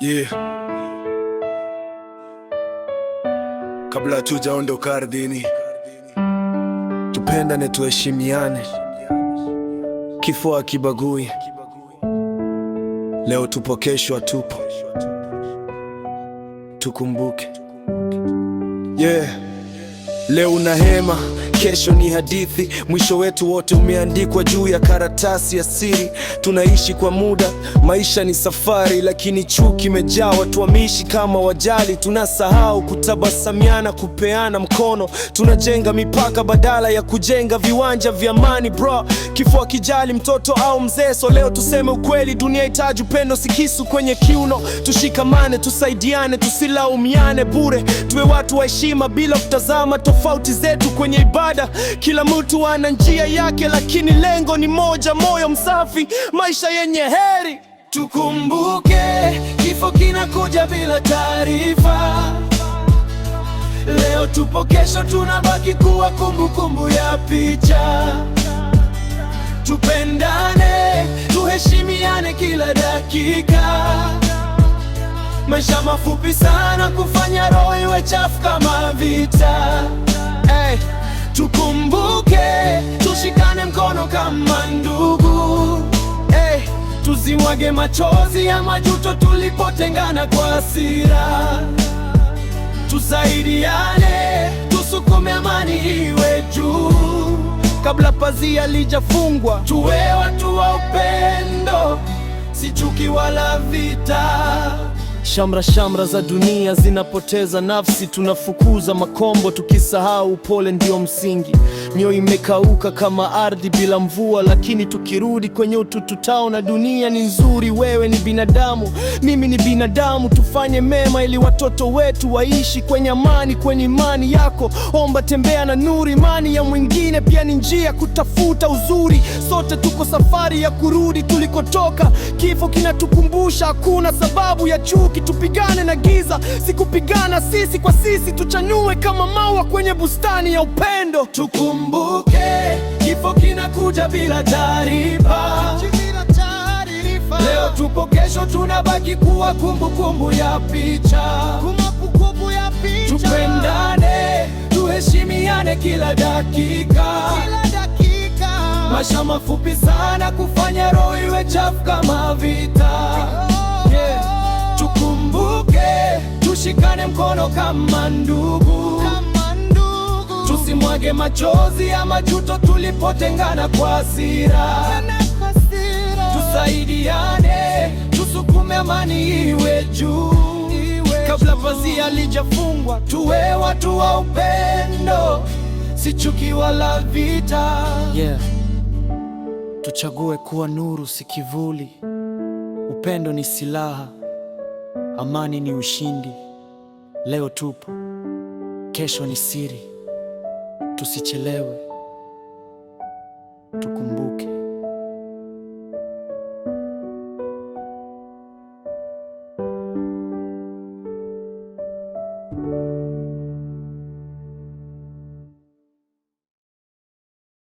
Yeah. Kabla tujaondoka ardhini, tupendane, tuheshimiane, kifo hakibagui. Leo tupo, kesho tupo, tukumbuke. Yeah. Leo una hema kesho ni hadithi. Mwisho wetu wote umeandikwa juu ya karatasi ya siri. Tunaishi kwa muda, maisha ni safari, lakini chuki imejaa. Watu wameishi kama wajali, tunasahau kutabasamiana, kupeana mkono. Tunajenga mipaka badala ya kujenga viwanja vya amani. Bro, kifo kijali mtoto au mzee, so leo tuseme ukweli, dunia itaji upendo, si kisu kwenye kiuno. Tushikamane, tusaidiane, tusilaumiane bure, tuwe watu wa heshima bila kutazama tofauti zetu kwenye ibada ibada. Kila mtu ana njia yake, lakini lengo ni moja, moyo msafi, maisha yenye heri. Tukumbuke kifo kinakuja bila taarifa. Leo tupo, kesho tunabaki kuwa kumbukumbu kumbu ya picha. Tupendane, tuheshimiane kila dakika. Maisha mafupi sana, kufanya roho iwe chafu kama vita. kama ndugu hey, eh, tusiwage machozi ya majuto tulipotengana kwa hasira, tusaidiane, tusukume amani iwe juu kabla pazia lijafungwa. Tuwe watu wa upendo, si chuki wala vita. Shamra shamra za dunia zinapoteza nafsi, tunafukuza makombo tukisahau upole ndio msingi mioyo imekauka kama ardhi bila mvua, lakini tukirudi kwenye ututu tao na dunia ni nzuri. Wewe ni binadamu, mimi ni binadamu, tufanye mema ili watoto wetu waishi kwenye amani. Kwenye imani yako omba, tembea na nuru. Imani ya mwingine pia ni njia kutafuta uzuri. Sote tuko safari ya kurudi tulikotoka. Kifo kinatukumbusha hakuna sababu ya chuki, tupigane na giza, sikupigana sisi kwa sisi, tuchanue kama maua kwenye bustani ya upendo Tukum Ukumbuke kifo kinakuja bila taarifa. Leo tupo, kesho tunabaki kuwa kumbukumbu ya picha. Kumbukumbu ya picha. Tupendane, tuheshimiane kila dakika, kila dakika. Maisha mafupi sana, kufanya roho iwe chafu kama vita. Oh. Yeah. Tukumbuke, tushikane mkono kama ndugu tumwage machozi ya majuto tulipotengana kwa hasira. Tusaidiane, tusukume amani iwe juu, kabla pazia lijafungwa, tuwe watu wa upendo, si chuki wala vita. Yeah. Tuchague kuwa nuru, si kivuli. Upendo ni silaha, amani ni ushindi. Leo tupo, kesho ni siri. Tusichelewe, tukumbuke.